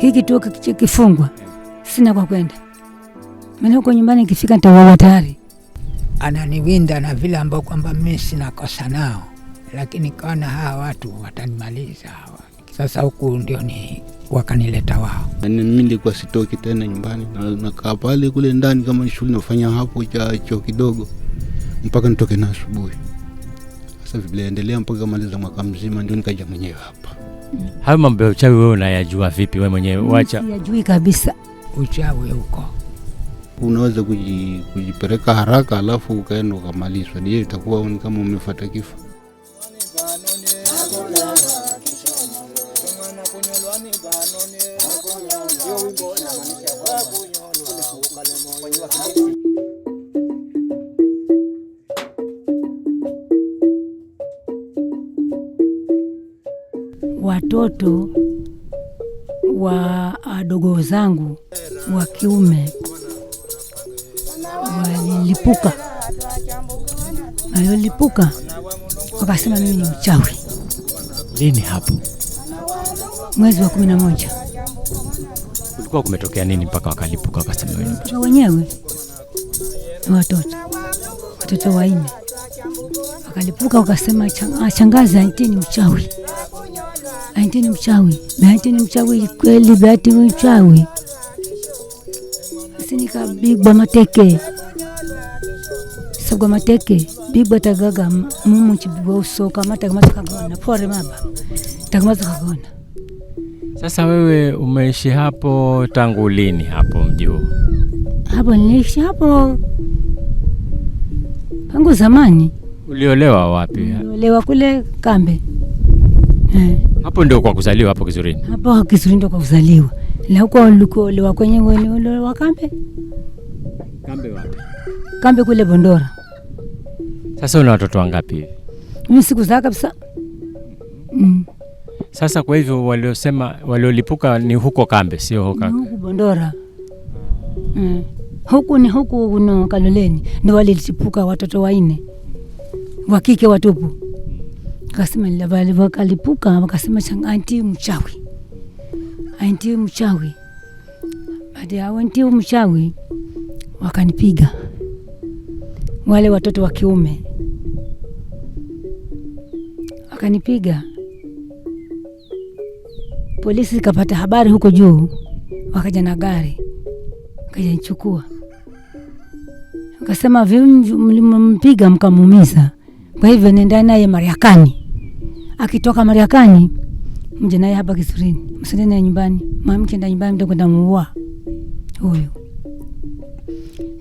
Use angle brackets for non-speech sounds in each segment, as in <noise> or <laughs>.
hii kituo kikifungwa, sina kwa kwenda, maana huko nyumbani kifika nitauawa tayari. Ananiwinda na vile ambao kwamba mimi sina kosa nao, lakini kaona hawa watu watanimaliza hawa. Sasa huku ndio ni wakanileta wao. Mimi nilikuwa sitoki tena nyumbani, nakaa pale kule ndani kama shughuli nafanya hapo cha choo kidogo mpaka nitoke na asubuhi sasa viliendelea mpaka maliza mwaka mzima, ndio nikaja mwenyewe hapa. Hayo mambo ya uchawi wewe unayajua vipi wewe mwenyewe? Wacha sijui kabisa uchawi huko, unaweza kujipeleka haraka alafu ukaenda ukamalizwa. ndio itakuwa ni kama umefuata kifo? watoto wa wadogo ah, zangu wa kiume walilipuka, waliolipuka wakasema mimi ni mchawi. Lini hapo? Mwezi wa kumi na moja. Kulikuwa kumetokea nini mpaka wakalipuka wakasema wewe ni mchawi? Wenyewe ni watoto, watoto wanne wakalipuka wakasema, achangaza, ah, eti ni mchawi. Bahati ni mchawi, Bahati ni mchawi kweli, bati ni mchawi. Basi mateke, sogwa mateke, bigwa tagaga mumu chibigwa usoka mata kagona pore maba takamaza kagona. Sasa wewe umeishi hapo tangu lini hapo mji huu? Hapo niishi hapo tangu zamani. Uliolewa wapi? Uliolewa kule kambe Eh. hapo ndio kwa kuzaliwa hapo kizurini Hapo Kizuri ndio kwa kuzaliwa. Na huko ulikolewa kwenye wale wa kambe. Kambe wapi? Kambe kule Bondora. Sasa una watoto wangapi hivi? Mimi sikuzaa kabisa. Mm. Sasa kwa hivyo waliosema waliolipuka ni huko kambe sio huko huko Bondora. Mm. Huku ni huku uno Kaloleni ndio walilipuka watoto waine. Wa kike watupu. Wakasema wale wakalipuka, wakasema anti mchawi, anti mchawi. Baada ya anti mchawi, wakanipiga wale watoto wa kiume, wakanipiga. Polisi ikapata habari huko juu, wakaja na gari, wakaja nichukua, wakasema vimpiga mkamuumiza, kwa hivyo nenda naye mariakani akitoka Marekani mje naye hapa Kisurini, msende ya nyumbani, mamkienda nyumbani, mtakwenda muua huyo.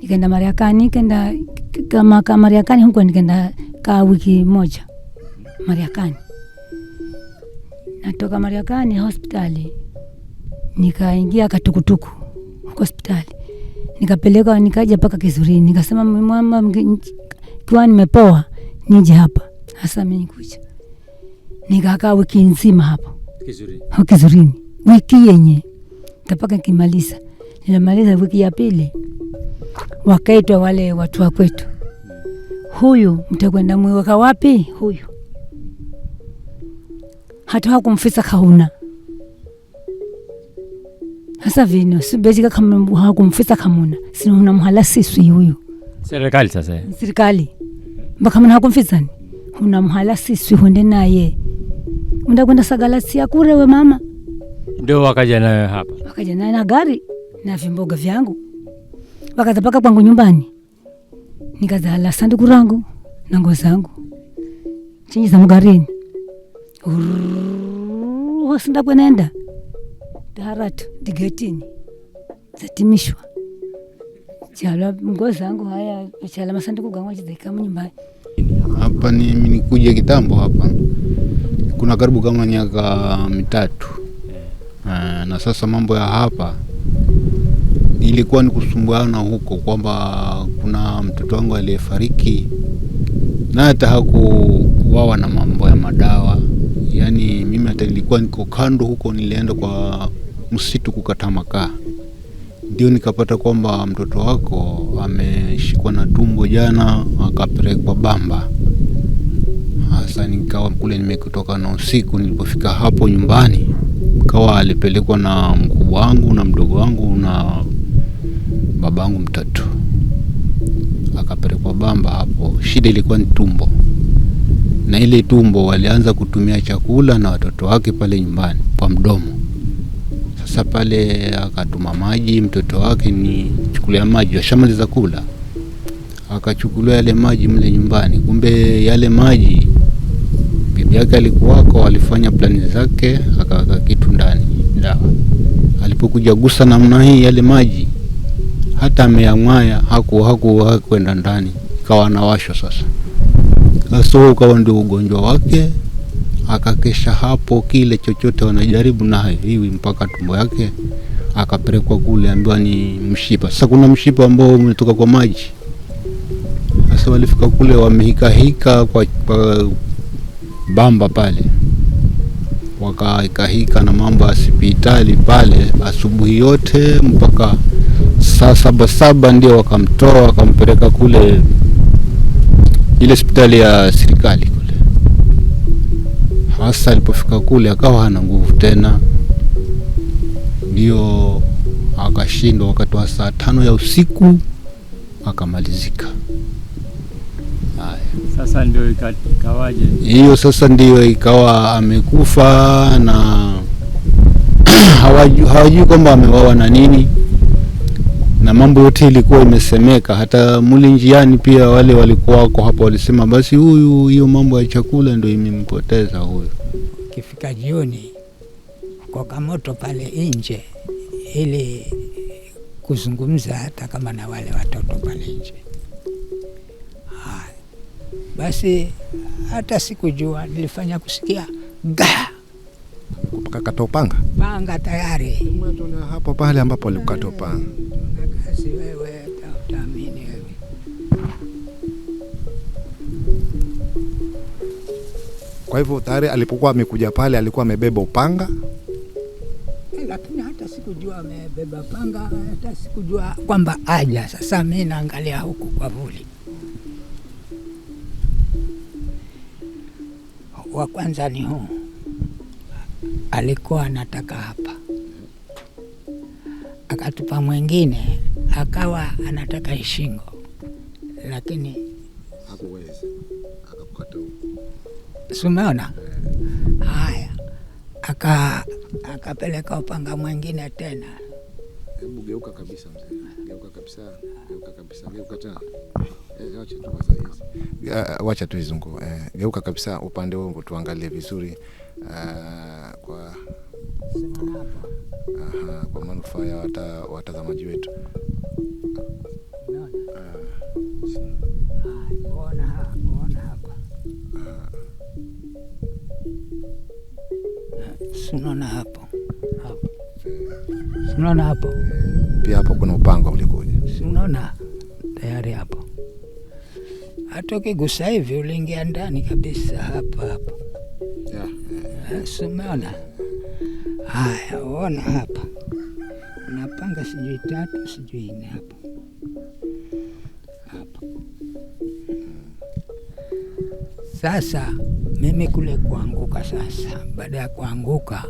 Nikaenda Marekani, kenda kama kama Marekani huko, nikaenda kaa wiki moja Marekani. Natoka Marekani hospitali, nikaingia katukutuku huko hospitali, nikapeleka nikaja mpaka Kisurini, nikasema mama, kiwa nimepoa nije hapa hasa mimi kuja nikakaa wiki nzima hapo kizurini, wiki yenye tapaka nkimaliza Nilimaliza wiki ya pili, wakaitwa wale watu wa kwetu, huyu mtakwenda mwiweka wapi? Huyu hata hakumfisa kauna hasa vino sibezika hakumfisa kamuna sinuna mhala swi huyu serikali sasa serikali mbaka mna hakumfisani huna mhala siswi hunde naye Ndakwenda Sagalasia kure, we mama ndio wakaja nayo hapa, wakaja nayo na gari na vimboga vyangu, wakaza paka kwangu nyumbani, nikazala sanduku rangu na nguo zangu chinji za mgarini, hosindabwe kwenenda taharatu digetini zatimishwa chala nguo zangu haya chala masanduku gangu chizaikamu nyumbani hapa. ni minikuja kitambo hapa kuna karibu kama miaka mitatu yeah. Eh, na sasa mambo ya hapa ilikuwa ni kusumbuana huko kwamba kuna mtoto wangu aliyefariki na hata hakuwawa na mambo ya madawa. Yaani mimi hata nilikuwa niko kando huko, nilienda kwa msitu kukata makaa, ndio nikapata kwamba mtoto wako ameshikwa na tumbo jana, akapelekwa Bamba hasa, nikawa kule nimekutoka na usiku. Nilipofika hapo nyumbani, kawa alipelekwa na mkubwa wangu na mdogo wangu na babangu mtoto, akapelekwa Bamba. Hapo shida ilikuwa ni tumbo, na ile tumbo walianza kutumia chakula na watoto wake pale nyumbani kwa mdomo. Sasa pale akatuma maji, mtoto wake ni chukulia maji, washamaliza kula, akachukuliwa yale maji mle nyumbani. Kumbe yale maji yake alikuwako, alifanya plani zake, akaweka kitu ndani dawa. Alipokuja gusa namna hii, yale maji hata ameamwaya haku haku kwenda ndani, ikawa anawashwa sasa. Sasa ukawa ndio ugonjwa wake, akakesha hapo, kile chochote wanajaribu na hivi mpaka tumbo yake akapelekwa kule, ambiwa ni mshipa. Sasa kuna mshipa ambao umetoka kwa maji. Sasa walifika kule wamehikahika kwa, kwa bamba pale, wakaikahika na mambo ya hospitali pale asubuhi yote mpaka saa saba saba ndio wakamtoa wakampeleka kule ile hospitali ya serikali kule. Hasa alipofika kule akawa hana nguvu tena, ndio akashindwa. Wakati wa saa tano ya usiku akamalizika. Sasa ndio ikawaje? Hiyo sasa ndio ikawa amekufa na <clears throat> hawajui kwamba amewawa na nini, na mambo yote ilikuwa imesemeka. Hata muli njiani pia wale walikuwa wako hapo walisema, basi huyu, hiyo mambo ya chakula ndio imempoteza huyu. Kifika jioni, koka moto pale nje, ili kuzungumza hata kama na wale watoto pale nje basi hata sikujua, nilifanya kusikia ga kakata upanga panga tayari hapo pale ambapo alikukata upanga. wewe, utaamini wewe. Kwa hivyo tayari alipokuwa amekuja pale alikuwa amebeba upanga eh, lakini hata sikujua amebeba panga, hata sikujua kwamba aja. Sasa mi naangalia huku kwa vuli wa kwanza ni huu, alikuwa anataka hapa, akatupa mwingine, akawa anataka Ishingo, lakini hakuweza Sumeona haya, akapeleka upanga mwingine tena Hebu geuka kabisa mzee. Geuka kabisa. Geuka kabisa. Geuka tena. Eh, acha tu kwa saizi. Wacha tu izungu. Eh, geuka kabisa upande wangu tuangalie vizuri. Uh, kwa Aha, kwa manufaa ya wata, watazamaji wetu. uh, uh, Sinaona hapa eh. Unaona hapo pia, hapo kuna upanga ulikuja, unaona tayari hapo, hata ukigusa hivi uliingia ndani kabisa hapa hapo, yeah. si umeona? Haya, uona hapa panga sijui tatu sijui nne hapo hapo. Sasa mimi kule kuanguka, sasa baada ya kuanguka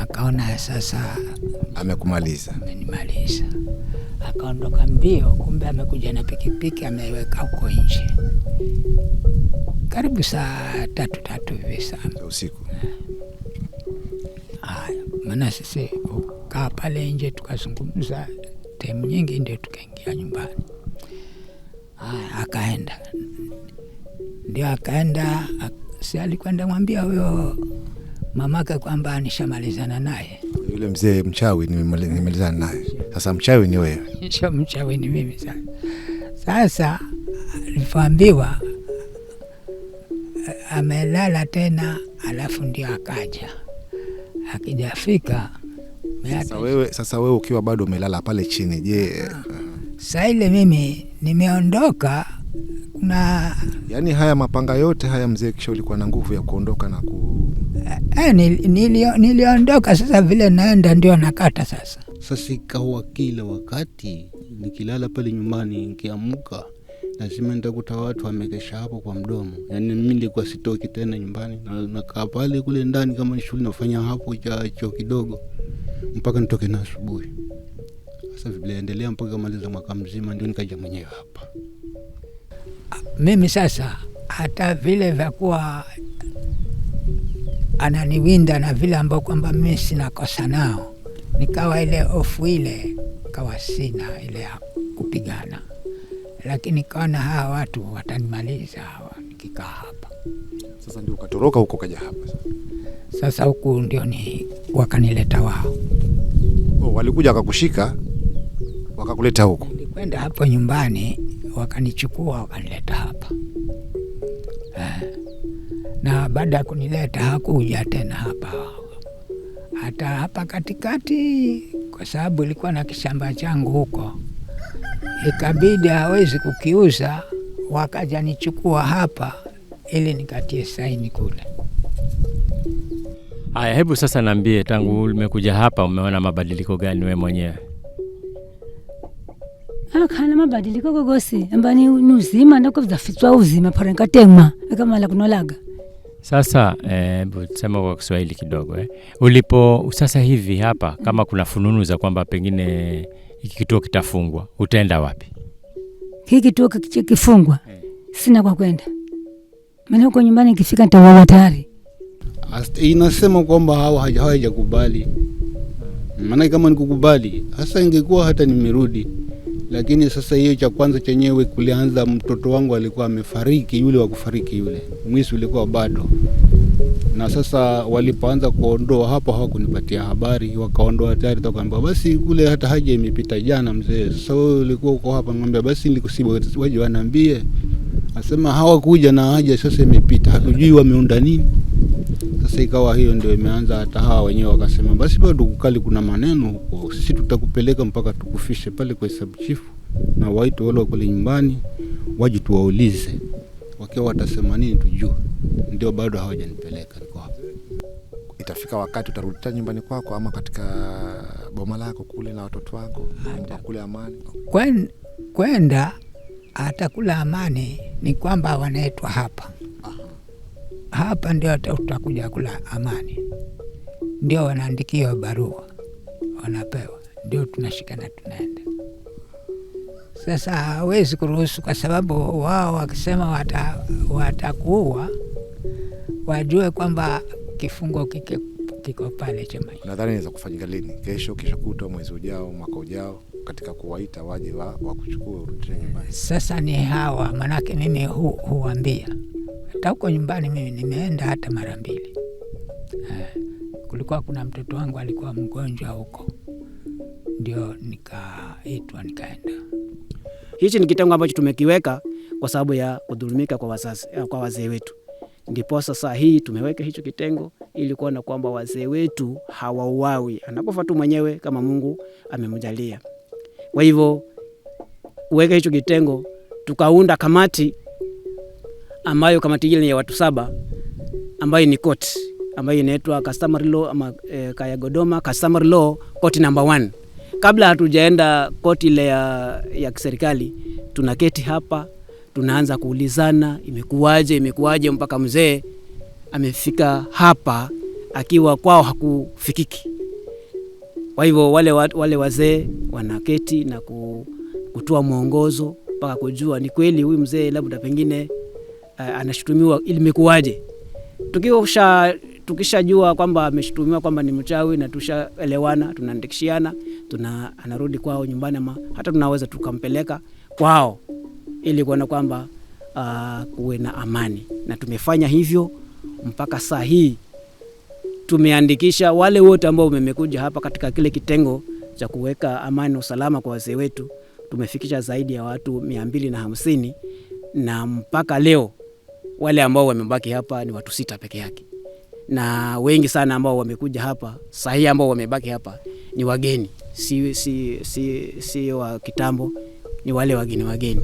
akaona sasa Amekumaliza? Amenimaliza. Akaondoka mbio, kumbe amekuja na pikipiki ameweka huko nje, karibu saa tatu tatu hivi sana usiku. Haya, maana sisi kaa pale nje tukazungumza taimu nyingi, ndio tukaingia nyumbani. Haya, akaenda ndio akaenda, si alikwenda mwambia huyo mamake kwamba nishamalizana naye yule mzee mchawi nimemalizana naye. Sasa mchawi ni wewe, <laughs> mchawi ni mimi. Sasa sasa nilipoambiwa amelala tena, alafu ndio akaja. Akijafika sasa wewe, sasa wewe ukiwa bado umelala pale chini, je, saa ile mimi nimeondoka na yaani haya mapanga yote haya, mzee, kisha ulikuwa na nguvu ya kuondoka na ku eh, eh niliondoka nili sasa, vile naenda ndio nakata sasa. Sasa ikawa kila wakati nikilala pale nyumbani, nkiamka lazima ntakuta watu wamekesha hapo kwa mdomo. Yani mimi nilikuwa sitoki tena nyumbani, nakaa pale kule ndani, kama shughuli nafanya hapo cha choo kidogo, mpaka nitoke na asubuhi. Sasa viliendelea mpaka maliza mwaka mzima, ndio nikaja mwenyewe hapa ah, mimi sasa. Hata vile vyakuwa ananiwinda na vile ambao kwamba mimi sina kosa nao, nikawa ile ofu ile kawa sina ile ya kupigana, lakini kaona hawa watu watanimaliza hawa nikikaa hapa. Sasa ndio ukatoroka huko kaja hapa sasa. Sasa huku ndio ni wakanileta wao. Oh, walikuja wakakushika wakakuleta huko? Nilikwenda hapo nyumbani, wakanichukua wakanileta hapa eh na baada ya kunileta hakuja tena hapa, hata hapa katikati, kwa sababu ilikuwa na kishamba changu huko, ikabidi hawezi kukiuza, wakaja nichukua hapa ili nikatie saini kule. Haya, hebu sasa naambie, tangu umekuja hapa umeona mabadiliko gani wewe mwenyewe? akana ah, mabadiliko gogosi ambani ni uzima ndakovzafitzwa uzima parenkatemwa ekamala kunolaga sasa hebu eh, tuseme kwa Kiswahili kidogo eh. Ulipo sasa hivi hapa, kama kuna fununu za kwamba pengine hiki kituo kitafungwa, utaenda wapi? Hiki kituo kikifungwa, eh. sina kwa kwenda, maana huko nyumbani ikifika nitauawa tayari. Inasema kwamba hao hawajakubali, maana kama nikukubali hasa ingekuwa hata nimerudi lakini sasa hiyo cha kwanza chenyewe kulianza, mtoto wangu alikuwa amefariki, yule wa kufariki yule, mwisi ulikuwa bado. Na sasa walipoanza kuondoa hapo, hawakunipatia habari, wakaondoa tayari, tukaambiwa basi kule hata haja imepita jana mzee. Sasa wewe ulikuwa uko hapa, ngambia basi nilikusiba, waje wanaambie, asema hawakuja na haja sasa imepita, hatujui wameunda nini. Sasa ikawa hiyo ndio imeanza, hata hawa wenyewe wakasema, basi bado kukali, kuna maneno huko, sisi tutakupeleka mpaka tukufishe pale kwa hesabu chifu, na waite wale wakule nyumbani waje tuwaulize, wakiwa watasema nini tujue. Ndio bado hawajanipeleka, niko hapa. Itafika wakati utarudi tena nyumbani kwako, ama katika boma lako kule na watoto wako kule Amani kwenda, hata kula Amani ni kwamba wanaetwa hapa hapa ndio tutakuja kula amani, ndio wanaandikiwa barua wanapewa, ndio tunashikana tunaenda. Sasa hawezi kuruhusu, kwa sababu wao wakisema watakuua wata wajue kwamba kifungo kike kiko pale chama. Nadhani inaweza kufanyika lini? Kesho, kesho kutwa, mwezi ujao, mwaka ujao, katika kuwaita waje wa, wa kuchukua nyumbani. Sasa ni hawa, maanake mimi hu, huambia hata huko nyumbani mimi nimeenda hata mara mbili. Eh, kulikuwa kuna mtoto wangu alikuwa mgonjwa huko, ndio nikaitwa nikaenda. Hichi ni kitengo ambacho tumekiweka kwa sababu ya kudhulumika kwa wazazi, eh, kwa wazee wetu. Ndiposa saa hii tumeweka hicho kitengo ili kuona kwamba wazee wetu hawauawi, anakufa tu mwenyewe kama Mungu amemjalia. Kwa hivyo uweke hicho kitengo, tukaunda kamati ambayo kamati ile ya watu saba ambayo ni court ambayo inaitwa customary law ama e, eh, kaya Godoma customary law court number one. Kabla hatujaenda court ile ya, ya kiserikali tunaketi hapa tunaanza kuulizana, imekuwaje imekuwaje mpaka mzee amefika hapa akiwa kwao hakufikiki. Kwa hivyo wale, wale wazee wanaketi na kutoa mwongozo mpaka kujua ni kweli huyu mzee labda pengine uh, anashutumiwa limekuwaje? Tukisha tukishajua kwamba ameshutumiwa kwamba ni mchawi na tushaelewana, tunaandikishiana, tuna anarudi kwao nyumbani, ama hata tunaweza tukampeleka kwao ili kuona kwamba uh, kuwe na amani, na tumefanya hivyo mpaka saa hii. Tumeandikisha wale wote ambao umekuja hapa katika kile kitengo cha kuweka amani na usalama kwa wazee wetu, tumefikisha zaidi ya watu mia mbili na hamsini na mpaka leo wale ambao wamebaki hapa ni watu sita peke yake, na wengi sana ambao wamekuja hapa sahii ambao wamebaki hapa ni wageni, si, si, si, si wa kitambo, ni wale wageni wageni.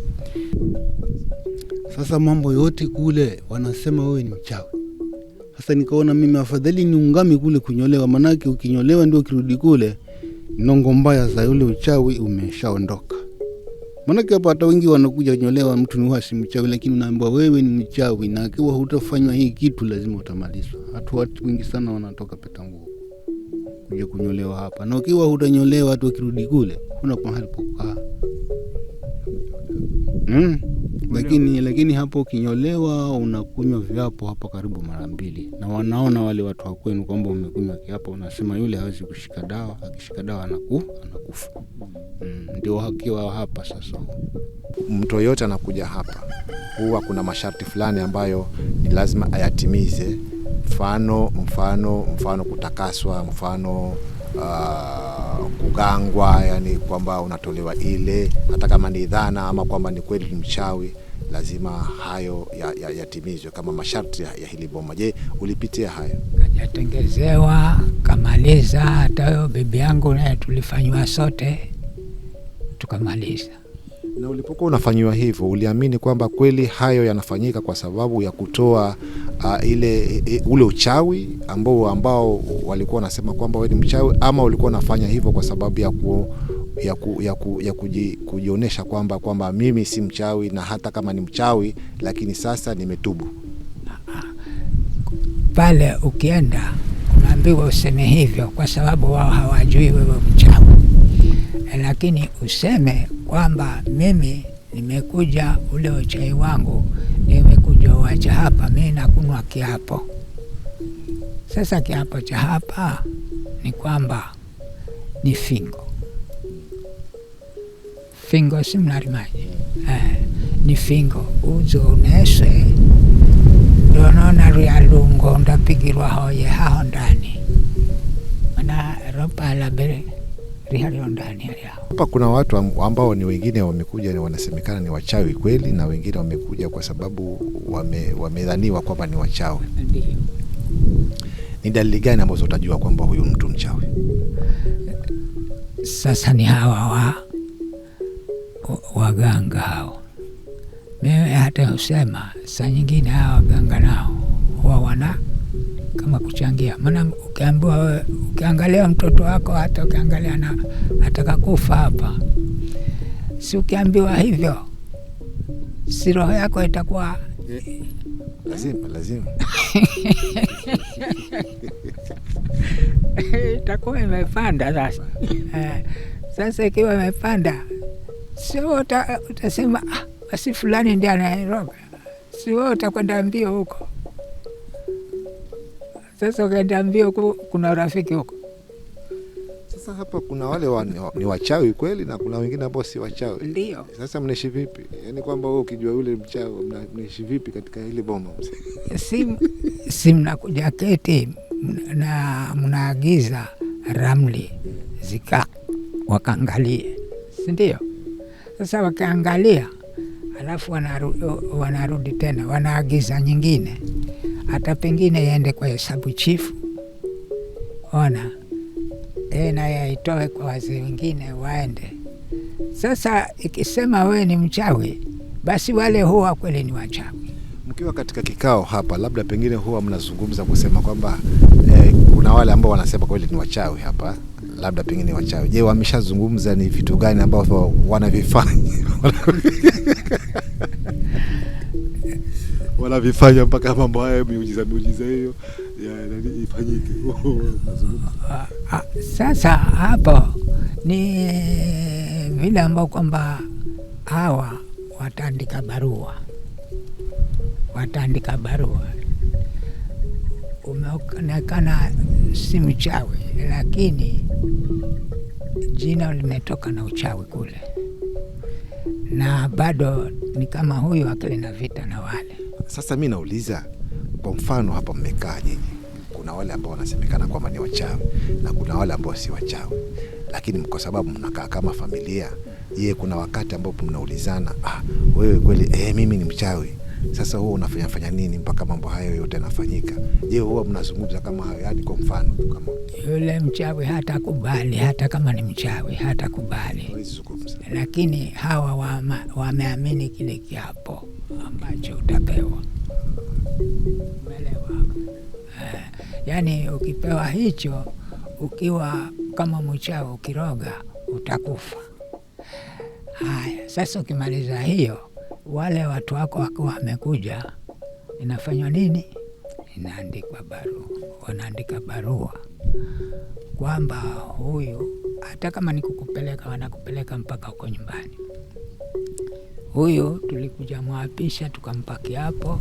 Sasa mambo yote kule wanasema wewe ni mchawi. Sasa nikaona mimi afadhali niungami kule kunyolewa, manake ukinyolewa ndio ukirudi kule nongo mbaya za yule uchawi umeshaondoka manake hapa hata wengi wanakuja nyolewa, mtu ni wasi mchawi, lakini unaambiwa wewe ni mchawi na akiwa hutafanywa hii kitu lazima utamalizwa. Hatu watu wengi sana wanatoka nguo kuja kunyolewa hapa, na ukiwa hutanyolewa hata ukirudi kule kuna mahali pokaa mm. Lakini, lakini hapo ukinyolewa unakunywa viapo hapa karibu mara mbili, na wanaona wale watu wa kwenu kwamba umekunywa kiapo, unasema yule hawezi kushika dawa, akishika dawa anaku anakufa. Mm, ndio hakiwa hapa sasa. Mtu yoyote anakuja hapa huwa kuna masharti fulani ambayo ni lazima ayatimize, mfano mfano mfano kutakaswa, mfano uh, kugangwa, yani kwamba unatolewa ile, hata kama ni dhana ama kwamba ni kweli mchawi lazima hayo yatimizwe ya, ya kama masharti ya, ya hili boma. Je, ulipitia hayo? Kajatengezewa kamaliza, hata yo bibi yangu naye tulifanywa sote tukamaliza. Na ulipokuwa unafanyiwa hivyo, uliamini kwamba kweli hayo yanafanyika kwa sababu ya kutoa uh, ile eh, eh, ule uchawi ambao ambao walikuwa wanasema kwamba wewe ni mchawi, ama ulikuwa unafanya hivyo kwa sababu ya ku ya, ku, ya, ku, ya kuji, kujionyesha kwamba kwamba mimi si mchawi, na hata kama ni mchawi lakini sasa nimetubu. Pale ukienda unaambiwa useme hivyo kwa sababu wao hawajui wewe mchawi lakini useme kwamba mimi nimekuja ule uchai wangu nimekuja uwacha hapa, mi nakunwa kiapo. Sasa kiapo cha hapa ni kwamba ni fingo, fingo si mnarimaji eh, ni fingo uzo uneswe ndonona rya lungo ndapigirwa hoye haho ndani mana ropa labere yaliyo ndani yao. Hapa kuna watu ambao ni wengine wamekuja ni wanasemekana ni wachawi kweli, na wengine wamekuja kwa sababu wame, wamedhaniwa kwamba ni wachawi. Ndiyo. Ni dalili gani ambazo utajua kwamba huyu mtu mchawi? Sasa ni hawa wa waganga hao. Mimi hata husema saa nyingine hawa waganga nao huwa wana kama kuchangia. Maana ukiambiwa, ukiangalia mtoto wako hata ukiangalia na ataka kufa hapa, si ukiambiwa hivyo, si roho yako itakuwa eh, lazima lazima <laughs> itakuwa imepanda sasa. Eh, sasa ikiwa imepanda, sio utasema ah, basi, fulani ndi anaeroga si utakwenda mbio huko sasa ukaenda mbio huku, kuna rafiki huko. Sasa hapa kuna wale wa, ni, wachawi kweli na kuna wengine ambao si wachawi. Ndio. Sasa mnaishi vipi? Yaani kwamba wewe ukijua yule mchawi mnaishi vipi katika ile boma Si si mnakuja keti na mnaagiza ramli zika wakaangalie si ndio? Sasa wakiangalia alafu wanarudi, wanarudi tena wanaagiza nyingine, hata pengine iende kwa hesabu chifu, ona ee naye aitoe kwa wazee wengine waende. Sasa ikisema wewe ni mchawi, basi wale huwa kweli ni wachawi. Mkiwa katika kikao hapa, labda pengine huwa mnazungumza kusema kwamba eh, kuna wale ambao wanasema kweli ni wachawi hapa labda pengine wachawi. Je, wameshazungumza ni vitu gani ambavyo wanavifanya <laughs> wanavifanya mpaka mambo haya miujiza miujiza hiyo ifanyike? <laughs> Ah, sasa hapo ni vile ambao kwamba hawa wataandika barua, wataandika barua umeonekana si mchawi, lakini Jina limetoka na uchawi kule, na bado ni kama huyu akili na vita na wale. Sasa mi nauliza, kwa mfano hapa mmekaa nyinyi, kuna wale ambao wanasemekana kwamba ni wachawi na kuna wale ambao si wachawi, lakini kwa sababu mnakaa kama familia, ye, kuna wakati ambapo mnaulizana, ah, wewe kweli eh, mimi ni mchawi sasa huwa unafanya fanya nini mpaka mambo hayo yote yanafanyika? Je, huwa mnazungumza kama hayo? Yani kwa mfano tu kama yule mchawi hata kubali, hata kama ni mchawi hata kubali, lakini hawa wameamini wa kile kiapo ambacho utapewa. Umeelewa? Eh, yani ukipewa hicho, ukiwa kama mchawi ukiroga utakufa. Haya, sasa ukimaliza hiyo wale watu wako wakiwa wamekuja, inafanywa nini? Inaandikwa barua, wanaandika barua kwamba huyu, hata kama ni kukupeleka, wanakupeleka mpaka huko nyumbani. Huyu tulikuja mwapisha, tukampa kiapo,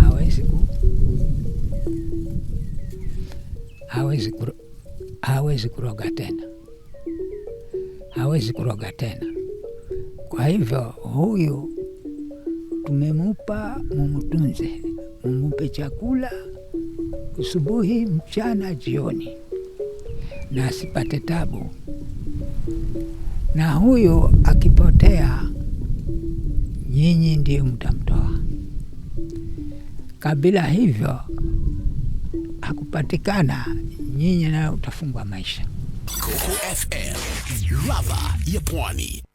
hawezi ku hawezi hawezi kuroga tena, hawezi kuroga tena. Kwa hivyo huyu tumemupa mumutunze, mumupe chakula usubuhi, mchana, jioni, na asipate tabu. Na huyu akipotea, nyinyi ndiyo mtamtoa. Kabila hivyo hakupatikana, nyinyi nayo utafungwa maisha. Coco FM, ladha ya Pwani.